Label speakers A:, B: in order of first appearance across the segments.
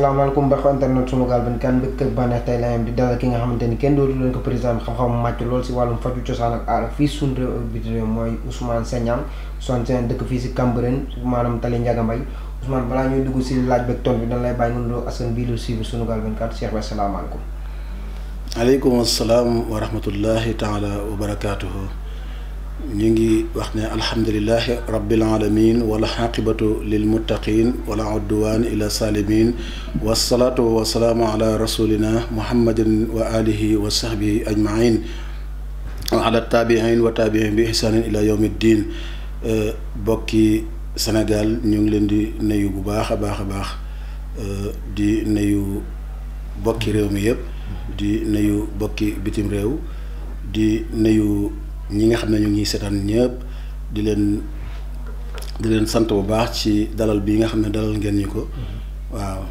A: asalaamaaleykum mbokk internet sunu gaal ban ak bànneex tey laayam di dalal ki nga xamante ni kenn dootu leen ko présenté xam-xam màcc lool si wàllum faju cosaan ak aar fii sunu réew ak biti réew mooy Ousmane Segnane Ousmane Segnane fii si Cambérène maanaam Tali Ndiaga Mbaye Ousmane balaa ñuy dugg si laaj beeg tool bi dañ lay bàyyi noonu askan bii la suivre sunu gaal ban kan Cheikh bi asalaamaaleykum.
B: aleykum asalaam wa rahmatullahi taala wa barakaatuhu. ñu ngi wax ne alhamdulilahi rabbil alamin wala xaqibatu lil muttaqin wala udduwaan ila salimin wasalaatu wasalaamu ala rasulina muhammadin wa alihi wa sahbihi ajmain wa ala taabiin wa taabiin bi ihsaanin ila yawmi ddin bokki Sénégal ñu ngi leen di nuyu bu baax a baax a baax di nuyu bokki réew mi yëpp di nuyu bokki bitim réew di nuyu ñi nga xam ne ñu ngi seetaan ñëpp di leen di leen sant bu baax ci dalal bi nga xam ne dalal ngeen
A: ñu ko mm-hmm. waaw.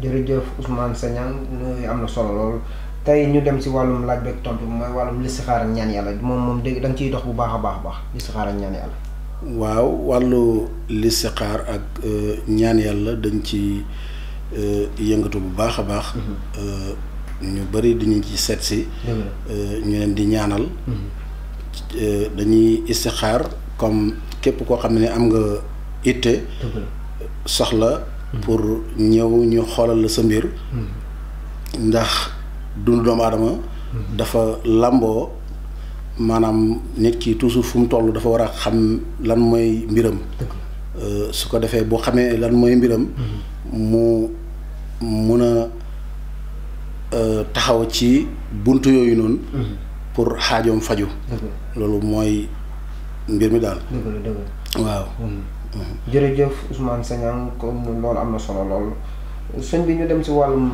A: jërëjëf Ousmane Sagnane ñooy am na solo lool tey ñu dem si wàllum laaj beeg tontu mooy wàllum listixaar ak ñaan yàlla moom moom dégg da ciy dox bu baax a baax a baax listixaar ak ñaan yàlla.
B: waaw wàllu listixaar ak euh, ñaan yàlla dañ ci euh, yëngatu bu baax a baax. Mm-hmm. Euh, ñu bari di ñu ci seet si. ñu leen di ñaanal. Mm-hmm. Euh, dañuy istixaar comme képp koo xam ne am nga itte soxla pour ñëw ñu xoolal la sa mbir hmm. ndax dundu doomu aadama hmm. dafa làmboo maanaam nit ki toujours fu mu toll dafa war a xam lan mooy mbiram euh, su ko defee boo xamee lan mooy mbiram hmm. mu mun a euh, taxaw ci bunt yooyu noonu pour xaajoom faju loolu mooy mbir mi daal.
A: waaw. Mhm. jërëjëf usmaan Sagnang ko loolu am na solo lool sëñ bi ñu dem si wàllum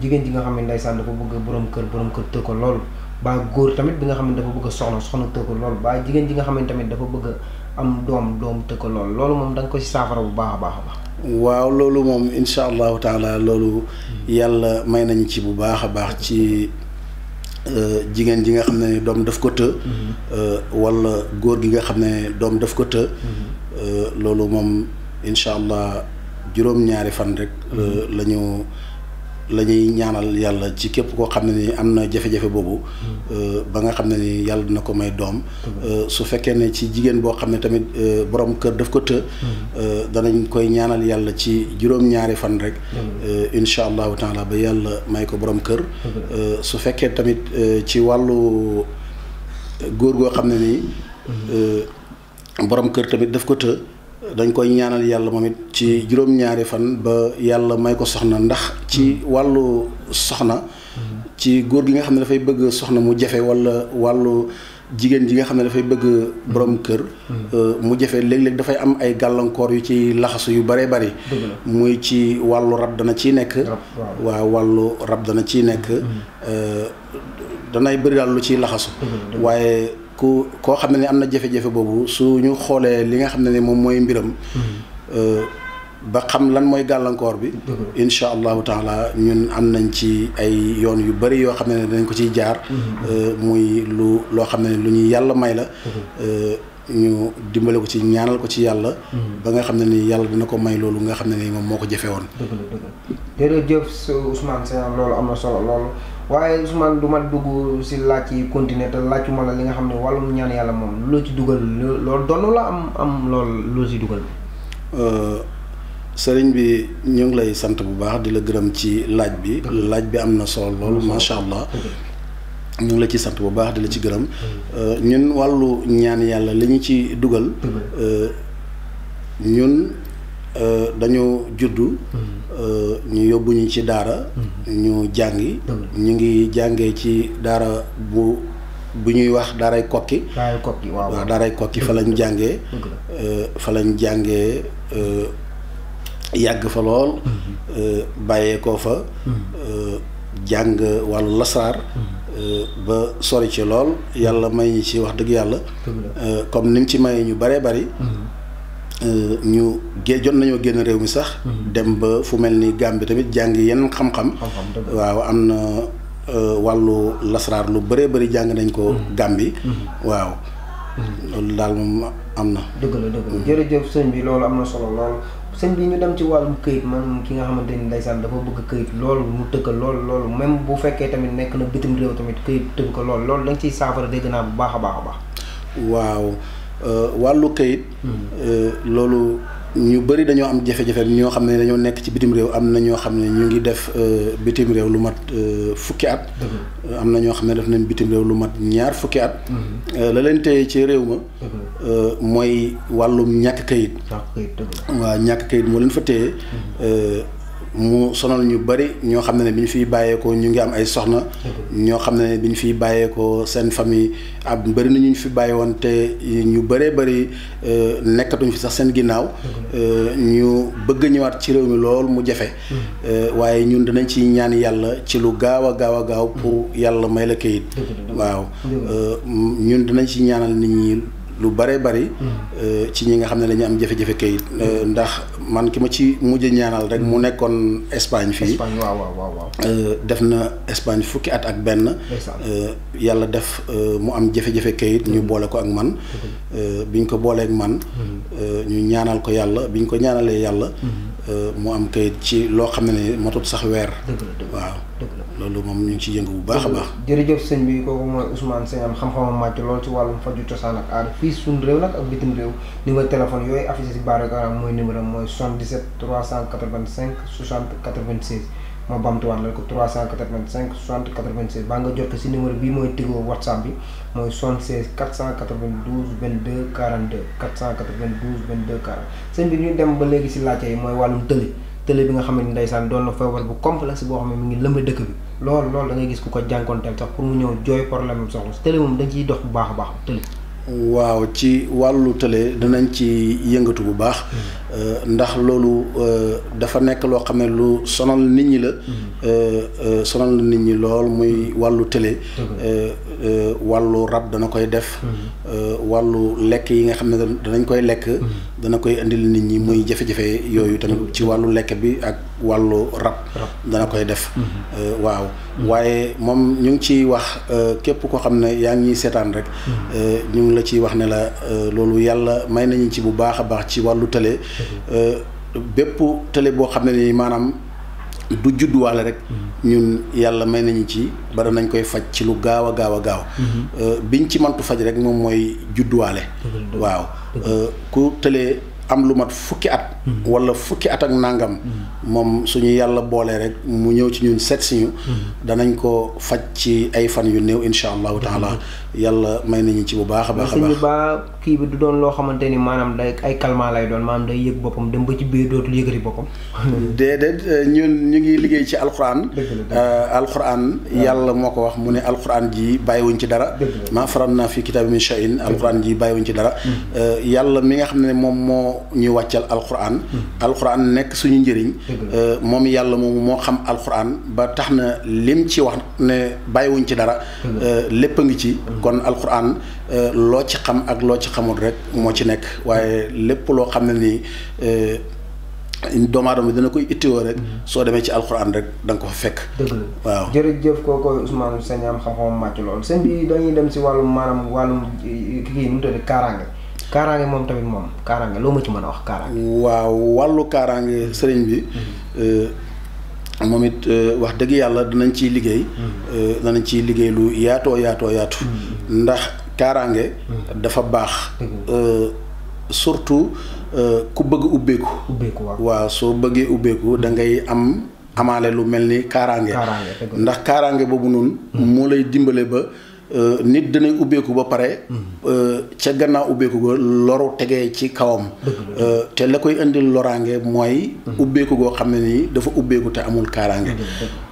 A: jigéen ji nga xam ne ndeysaan dafa bëgg borom kër borom kër ko lool baa góor tamit bi nga xam ne dafa bëgg soxna soxna ko lool baa jigéen ji nga xam ne tamit dafa bëgg am doom doom tëkk lool loolu moom da ko si saafara bu baax a baax a baax. waaw
B: loolu moom incha allahu taala loolu hmm. yàlla may nañu ci bu baax a baax hmm. ci. Euh, jigéen ji nga xam ne doom daf ko të. Mm-hmm. Euh, wala góor gi nga xam ne doom daf ko të. Mm-hmm. Euh, loolu moom incha allah juróom-ñaari fan rek. Mm-hmm. la ñu. la ñuy ñaanal yàlla ci képp koo xam ne ni am na jafe-jafe boobu euh, ba nga xam ne ni yàlla dina ko may doom euh, su fekkee ne ci jigéen boo xam ne tamit euh, borom kër daf ko të danañ koy ñaanal yàlla ci juróom-ñaari fan rek incha allahu taala ba yàlla may ko borom kër su fekkee tamit ci wàllu góor goo xam ne nii borom kër tamit daf ko të dañ koy ñaanal yàlla moom it ci juróom-ñaari fan ba yàlla may ko soxna ndax ci wàllu soxna ci góor gi nga xam ne dafay bëgg soxna mu jafe wala wàllu jigéen ji nga xam ne dafay bëgg borom kër euh, mu jafe léeg-léeg dafay am ay gàllankoor yu ci laxasu yu bëree bëri muy ci wàllu rab dana ciy nekk waaw wàllu rab dana ciy nekk euh, danay bëri daal lu ciy laxasu waaye ku koo xam ne am na jafe-jafe boobu su ñu xoolee li nga xam ne moom mooy mbiram. Mm-hmm. Euh, ba xam lan mooy gàllankoor bi. Mm-hmm. incha allahu taala ñun am nañ ci ay yoon yu bari yoo xam ne dinañ ko ciy jaar. Mm-hmm. Euh, muy lu loo xam ne lu ñu yàlla may la. Euh, ñu dimbale ko ci ñaanal ko ci yàlla. Mm-hmm. ba nga xam ne ni yàlla dina ko may loolu nga xam ne ni moom
A: moo ko jëfe woon. dëgg la dëgg la jërëjëf Ousmane Seye loolu am na solo loolu waaye Ousmane du ma dugg si laaj yi continuer te laajuma la li nga xam ne wàllum ñaan yàlla moom loo ci dugal loolu doon la am
B: am loolu loo ci dugal. Euh, sëriñ bi ñu ngi lay sant bu baax di la gërëm ci laaj bi. laaj bi am na solo loolu macha allah. ñu ngi la ci sant bu baax di la ci gërëm euh, ñun wàllu ñaan yàlla li ñu ci dugal euh, ñun euh, dañoo juddu ñu yóbbu ñu ci daara ñu jàngi ñu ngi jàngee ci daara bu bu ñuy wax daaray kokki waaw daaray kokki fa lañ jàngee fa lañ jàngee yàgg fa lool bàyyeekoo fa jàng wàllu lasar Euh, ba sori ci lool yàlla may ñi ci wax dëgg yàlla euh, comme nim ci mayee ñu bare bari mm-hmm. euh, ñu gé jot nañoo génn réew mi sax mm-hmm. dem ba fu mel ni Gàmbi tamit jàng yenn xam-xam waaw am na wàllu lasraar lu bare bëri jàng nañ ko mm-hmm. Gàmbi waaw loolu daal
A: moom am na dëgg la dëgg la jërëjëf sëñ sëñ bi ñu dem ci wàllum këyit man ki nga xamante ni ndeysaan dafa bëgg këyit loolu mu tëgg loolu loolu même bu fekkee tamit nekk na bitim réew tamit këyit tëgg ko lool loolu dañ ciy saafara dégg naa bu baax a baax a baax.
B: waaw euh, wàllu këyit. Hmm. Euh, loolu ñu bari dañoo am jafe-jafe ñoo xam ne dañoo nekk ci bitim réew am na ñoo xam ne ñu ngi def euh, bitim réew lu mat euh, fukki at. am na ñoo xam ne daf nañ bitim réew lu mat ñaar fukki at. Euh, la leen téye ci réew ma. mooy wàllum ñàkk kayit. waaw ñàkk kayit moo leen fa téye. mu sonal ñu bëri ñoo xam ne bi ñu fi bàyyeekoo ñu ngi am ay soxna. ñoo xam ne bi ñu fi bàyyeekoo seen famille ab bëri nañu ñu fi bàyyi woon te ñu bëree bëri euh, nekkatuñ fi sax seen ginnaaw. Euh, ñu bëgg ñëwaat ci réew mi lool mu jafe. Euh, waaye ñun dinañ ci ñaan yàlla ci lu gaaw a gaaw a gaaw pour yàlla may la kayit. waaw ñun dinañ ci ñaanal nit ñi. lu bare bari. Mm. Euh, ci ñi nga xam ne dañu am jafe-jafe kayit. Mm. Euh, ndax man ki ma ci mujj ñaanal rek mu mm. nekkoon Espagne fii. waaw euh, def na Espagne fukki at ak benn. yàlla def mu am jafe-jafe kayit ñu boole ko ak man. biñ ko booleek man. ñu ñaanal ko yàlla biñ ko ñaanalee yàlla. Euh, mu am kayit ci loo xam ne matut sax weer. waaw loolu moom ñu ngi ci yëngu bu baax a baax.
A: jërëjëf sëñ bi kooku mooy Ousmane Sène am xam-xamam màcc lool ci wàllum faju cosaan ak aar fii suñu réew nag ak bitim réew ma téléphone yooyu affiché ci baarakaram mooy numéro mooy 77 385 60 96. ma bamtuwaat la ko 385 60 96 baa nga jot si numéro bii mooy tigo whatsapp bi mooy 76 492 22 42 492 22 40 seen bi ñu dem ba léegi si laajte yi mooy wàllum tëli tëli bi nga xam ne ndeysaan doon na feebar bu complexe boo xam ne mi ngi lëmba dëkk bi loolu loolu da ngay gis ku ko jànkoonteel sax pour mu ñëw jooy a baax
B: waaw ci wàllu tële dinañ ci yëngatu bu baax. Mm. Euh, ndax loolu euh, dafa nekk loo xam ne lu sonal nit ñi la. Mm. Euh, sonal na nit ñi lool muy wàllu télé. wàllu rab dana koy def. Mm. wàllu lekk yi nga xam ne danañ koy lekk. dana koy indil nit ñi muy jafe-jafe yooyu tamit ci wàllu lekk bi ak wàllu rab dana koy def mhm. euh, waaw mhm. waaye moom ñu ngi ciy wax euh, képp koo xam ne yaa ngi seetaan rek mhm. euh, ñu ngi la ciy wax ne la loolu yàlla may nañu ci bu baax a baax ci wàllu télé bépp télé boo xam ne nii maanaam du judduwaale rek mm-hmm. ñun yàlla may nañu ci ba nañ koy faj ci lu gaaw a gaaw a gaaw mm-hmm. euh, biñ ci mantu faj rek moom mooy judduwaale waaw euh, ku tëlee am lu mat fukki at mm-hmm. wala fukki at ak nàngam moom suñu yàlla boolee rek mu ñëw ci ñun seet ñu danañ ko faj ci ay fan yu néew incha allahu taala yàlla may nañu ci bu baax a baax a baax
A: ba kii bi du doon loo xamante ni maanaam day ay calmant lay doon maanaam day yëg boppam dem ba ci biir dootul yëgati boppam
B: déedéet ñun ñu ngi liggéey ci alxuraan euh, alxuraan yàlla moo ko wax mu ne alxuraan ji bàyyiwuñ ci dara maa faran naa fi kitaab min shay'in alxuraan ji bàyyiwuñ ci dara hmm. euh, yàlla mi nga xam ne moom moo ñu wàccal alxuraan hmm. alxuraan nekk suñu njëriñ euh, moom yàlla moomu moo xam alxuraan ba tax na lim ci wax ne bàyyiwuñ ci dara lépp a ngi ci hmm. kon alxuraan euh, loo ci xam ak loo ci xamul rek moo ci nekk waaye lépp loo xam ne nii euh, doomu aadama dana koy ittiwoo rek mm-hmm. soo demee ci alxuraan rek danga ko fa fekk.
A: waaw jërëjëf kooku Ousmane Sëñ am xam-xamam màcc lool sëñ bi dañuy dem si wàllum maanaam wàllum euh, kii nu mu tudd kaaraange kaaraange moom tamit moom kaaraange loo ma ci mën a wax
B: kaaraange. waaw wàllu kaaraange sëriñ bi. Mm-hmm. moom it euh, wax dëgg yàlla danañ ciy liggéey. Euh, danañ ciy liggéey lu yaato yaatoo yaatu. ndax kaaraange. dafa baax. Mm-hmm. Euh, surtout ku bëgg ubbeeku. waa soo bëggee ubbeeku dangay am amaale lu mel ni kaaraange. ndax kaaraange boobu noonu. Mm-hmm. moo lay dimbale ba. Euh, nit danay ubbeeku ba pare euh, ca gannaaw ubbeeku go loru tegee ci kawam euh, te la koy indil loraange mooy hmm. ubbeeku goo xam ne nii dafa ubbeeku te amul kaaraange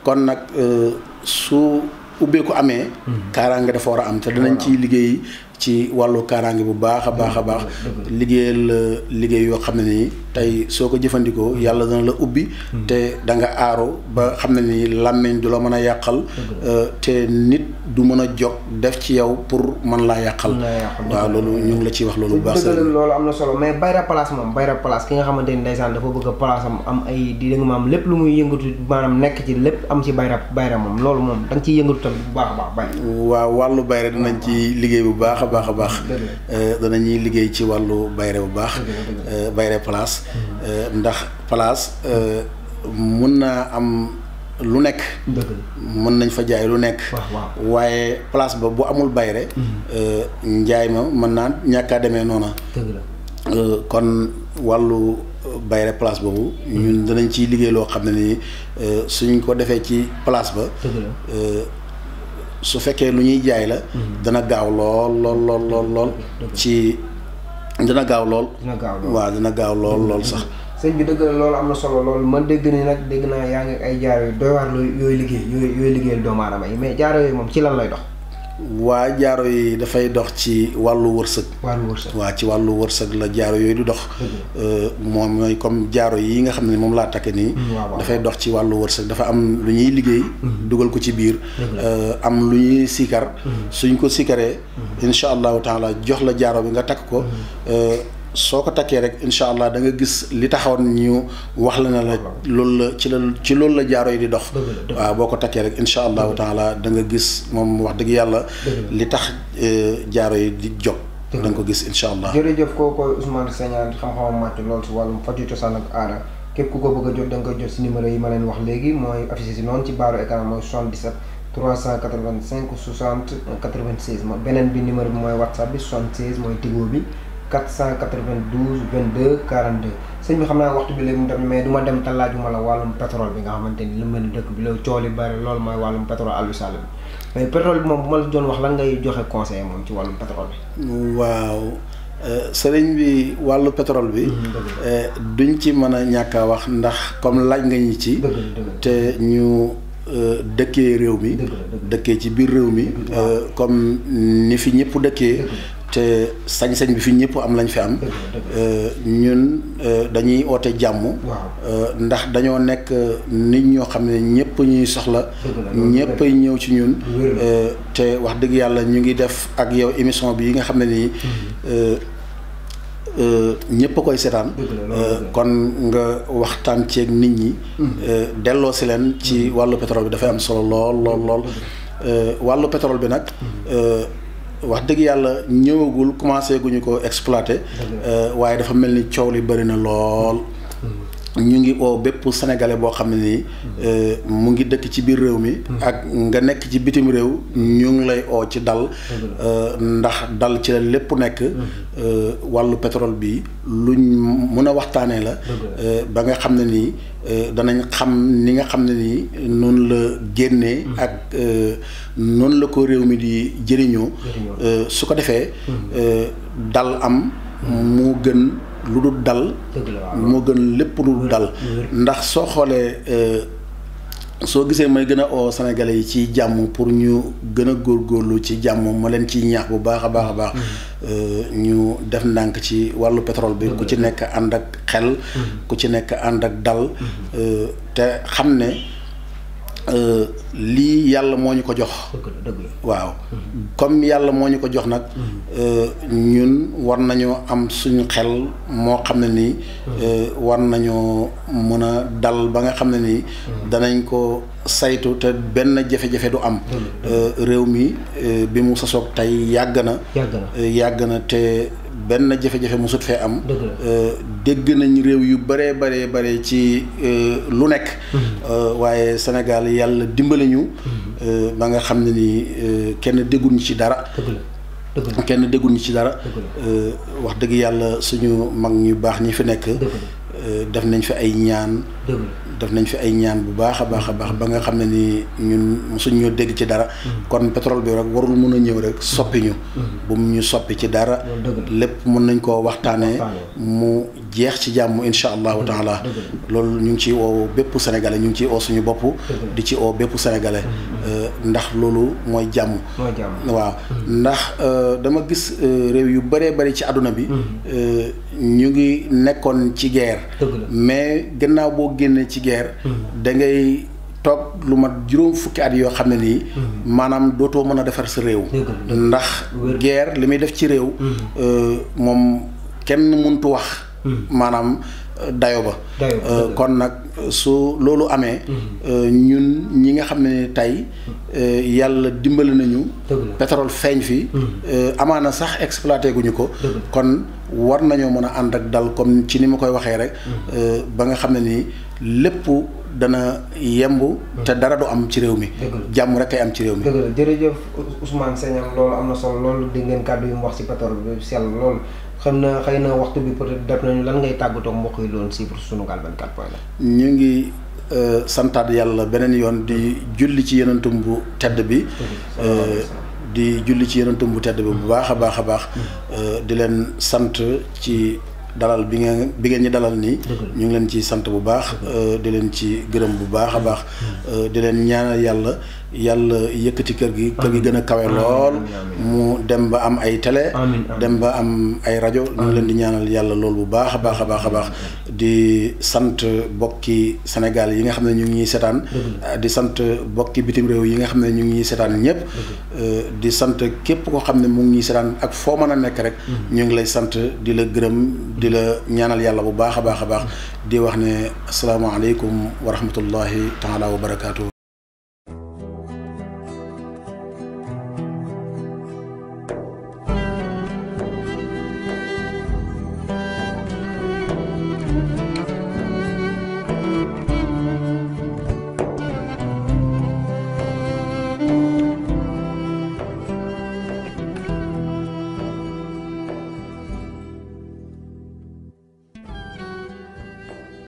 B: kon nag su ubbeeku amee hmm. kaaraange dafa war a am te danañ ciy liggéey ci wàllu kaaraange bu baax a baax a baax liggéeyal liggéey yoo xam ne nii tey soo ko jëfandikoo yàlla dana la ubbi hmm. te da nga aaro ba xam ne ni làmmiñ du la mën a yàqal euh, te nit du mën a jog def ci yow pour mën laa yàqal waaw loolu ñu ngi la ci wax loolu bu baax loolu
A: am na solo mais Bayra Place moom Bayra Place ki nga xamante ni ndeysaan dafa bëgg a place am am ay di dégg maam lépp lu muy yëngatu maanaam nekk ci lépp am ci Bayra Bayra moom loolu moom da nga ciy yëngatu tamit bu
B: baax a baax bay waaw wàllu Bayra dinañ ci liggéey bu baax a baax a baax euh, danañuy liggéey ci wàllu Bayra bu baax euh, Bayra Euh, ndax place euh, mun naa am lu nekk. mën nañ fa jaay lu nekk. waaye place ba bu amul bayre mhm. euh, njaay ma mën naa ñàkk a demee noona kon wàllu bayre place boobu. Mhm. ñun danañ ciy liggéey loo xam ne nii suñ ko defee ci place ba. su fekkee lu ñuy jaay la. Mhm. dana gaaw lool lool lool lool lool ci. dina gaaw lool. dina gaaw lool waaw dina gaaw lool lool sax.
A: sëñ bi dëgg la loolu am na solo lool man dégg nii nag dégg naa yaa ngi ay jaaro yu doy waar yooyu liggéey yooyu yooyu liggéeyal doomu aadama yi mais jaaro yooyu moom ci lan lay dox. waa jaaro yi dafay dox ci wàllu wërsëg. wàllu wërsëg waa
B: ci wàllu wërsëg la jaaro yooyu du dox. Euh, moom mooy comme jaaro yi nga xam ne moom laa takk nii. Mm, dafay dox ci wàllu wërsëg dafa am lu ñuy liggéey. Mm-hmm. dugal ko ci biir. Euh, am lu ñuy siikar. Mm-hmm. suñ ko siikaree. Mm-hmm. incha allahu taala jox la jaaro bi nga takk ko. Euh, soo ko takkee rek incha allah da nga gis li taxawoon ñu wax la na la loolu la ci la ci loolu la jaaro yi di dox waaw boo ko takkee rek incha allahu taala da nga gis moom wax dëgg yàlla li tax eh, jaaro yi di jóg da ko gis incha allah
A: jërëjëf kooku Ousmane Sagnane xam-xamam màcc loolu si wàllum faju cosaan ak aada képp ku ko bëgg a jot da nga jot si numéro yi ma leen wax léegi mooy affiché si noonu ci baaru écran mooy 77 385 60 96 ma bi numéro bi mooy whatsapp bi 76 mooy bi 492 22 42 sëñ bi xam naa waxtu bi léegi mu dem mais du ma dem te laajuma la wàllum pétrole bi nga xamante ni lu mel ni dëkk bi loolu coow li bari loolu mooy wàllum pétrole bi mais pétrole bi moom bu ma la doon wax lan ngay joxe conseil moom ci wàllum pétrole bi. waaw
B: euh, sëriñ bi wàllu pétrole bi. Mhm, euh, duñ ci mën a ñàkk a wax ndax comme laaj nga ñu ci. te ñu. Euh, dëkkee réew mi dëkkee ci biir réew mi comme ni fi ñëpp dëkkee te sañ-sañ bi fi ñëpp am lañ fi am. Euh, ñun euh, dañuy oote jàmm. Euh, ndax dañoo nekk nit ñoo xam ne ñëpp ñuy soxla. ñëpp ñëw ci ñun. te wax dëgg yàlla ñu ngi def ak yow émission bi yi nga xam ne nii. ñëpp koy seetaan kon nga waxtaan ceeg nit ñi hmm. delloo si leen ci hmm. wàllu pétrole bi dafay am solo lool lool lool hmm. wàllu pétrole bi nag wax dëgg yàlla ñëwagul commencé guñu ko exploité. Euh, waaye dafa mel ni coow li bëri na lool. ñu ngi oo bépp sénégalais boo xam ne nii euh, mu ngi dëkk ci biir réew mi. ak nga nekk ci bitim réew ñu ngi lay oo ci dal. Euh, ndax dal ci la lépp nekk. Euh, wàllu pétrole bi luñ mun a waxtaanee la. ba nga xam ne nii danañ xam ni nga xam ne nii noonu la génnee. ak noonu la ko réew mi di jëriñoo. su ko defee dal am. Mm-hmm. moo gën. lu dul dal moo gën lépp lu dul dal ndax soo xoolee euh, soo gisee may gën a oo Sénégalais yi ci jàmm pour ñu gën a góor góorlu ci jàmm ma leen ciy ñaax bu baax a baax a baax mm-hmm. euh, ñu def ndànk ci wàllu pétrole bi ku ci nekk ànd ak xel mm-hmm. ku ci nekk ànd ak dal mm-hmm. euh, te xam ne Euh, lii yàlla moo ñu ko jox. waaw. Mm-hmm. comme yàlla moo ñu ko jox nag. Mm-hmm. Euh, ñun war nañoo am suñu xel moo xam ne nii. Mm-hmm. Euh, war nañoo mën a dal ba nga xam ne ni danañ ko saytu te benn jafe-jafe du am. réew mi bi mu sosoog tey yàgg na. yàgg na te. benn jafe-jafe mu fee am euh, dégg nañ réew yu bare bare bare ci euh, lu nekk euh, waaye Sénégal yàlla dimbali ñu ba nga xam ne ni kenn dégguñu ci dara kenn dégguñu ci dara wax dëgg yàlla suñu mag ñu baax ñi fi nekk def nañ fi ay ñaan def nañ fi ay ñaan bu baax a baax a baax ba nga xam ne ni ñun suñu ñoo dégg ci dara. Mm-hmm. kon pétrole bi rek warul mun a ñëw rek mm-hmm. soppi ñu. Mm-hmm. bu mu ñu soppi ci dara. lépp mun nañ koo waxtaanee. mu jeex ci jàmm incha allahu taala. loolu ñu ngi ciy woo bépp sénégalais ñu ngi suñu bopp. di ci woo bépp sénégalais. Euh, ndax loolu mooy jàmm. waaw ndax euh, dama gis euh, réew yu bëree bëri ci àdduna bi. ñu ngi nekkoon ci guerre. mais gannaaw boo génnee ci guerre. Mm-hmm. da ngay toog lu ma juróom fukki at yoo xam ne nii. Mm-hmm. maanaam dootoo mën a defar sa réew. ndax guerre li muy def ci réew. Mm-hmm. Euh, moom kenn mëntu wax. maanaam dayo ba euh, kon nag su loolu amee mhm. euh, ñun ñi nga xam ne tey euh, yàlla dimbali nañu pétrole feeñ fi mhm. amaana sax exploité guñu ko kon war nañoo mën a ànd ak dal comme ci ni ma koy waxee rek mhm. ba nga xam ne ni lépp
A: dana yemb te dara du am ci réew mi jàmm rek ay am ci réew mi dëgg la jërëjëf Ousmane Segnam loolu am na solo loolu di ngeen kàddu yi mu wax ci pétrole bi sell loolu xam na xëy na waxtu bi peut être def nañu lan ngay tàggatoo mbokk yi doon suivre Sunugal 24 point la.
B: ñu ngi euh, santaat yàlla beneen yoon di julli ci yenentum bu tedd bi. Euh, di julli ci yenentum bu tedd bi bu baax a baax a baax. Mm. Euh, di leen sant ci. dalal bi ngeen bi ngeen ñi dalal nii ñu ngi leen ci sant bu baax di leen ci gërëm bu baax a baax mm. di leen ñaanal yàlla yàlla yëkkati kër gi kër gi gën a kawe lool mu dem ba am ay télé dem ba am ay rajo ñu leen di ñaanal yàlla lool bu baax a baax a baax a baax di sant bokki Sénégal yi nga xam ne ñu ngi ñuy seetaan di sant bokki bitim réew yi nga xam ne ñu ngi seetaan ñëpp euh, di sant képp koo xam ne mu ngi ñuy seetaan ak foo mën a nekk rek ñu ngi lay sant di la gërëm di la ñaanal yàlla bu baax a baax a baax di wax ne asalaamaaleykum wa rahmatullahi taala wa barakaatu